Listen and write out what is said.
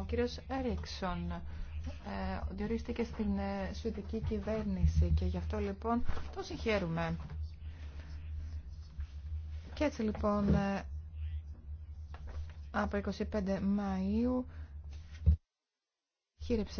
Ο κύριος Έριξον ε, διορίστηκε στην ε, σουηδική κυβέρνηση και γι' αυτό λοιπόν το συγχαίρουμε. Και έτσι λοιπόν ε, από 25 Μαΐου χείρεψε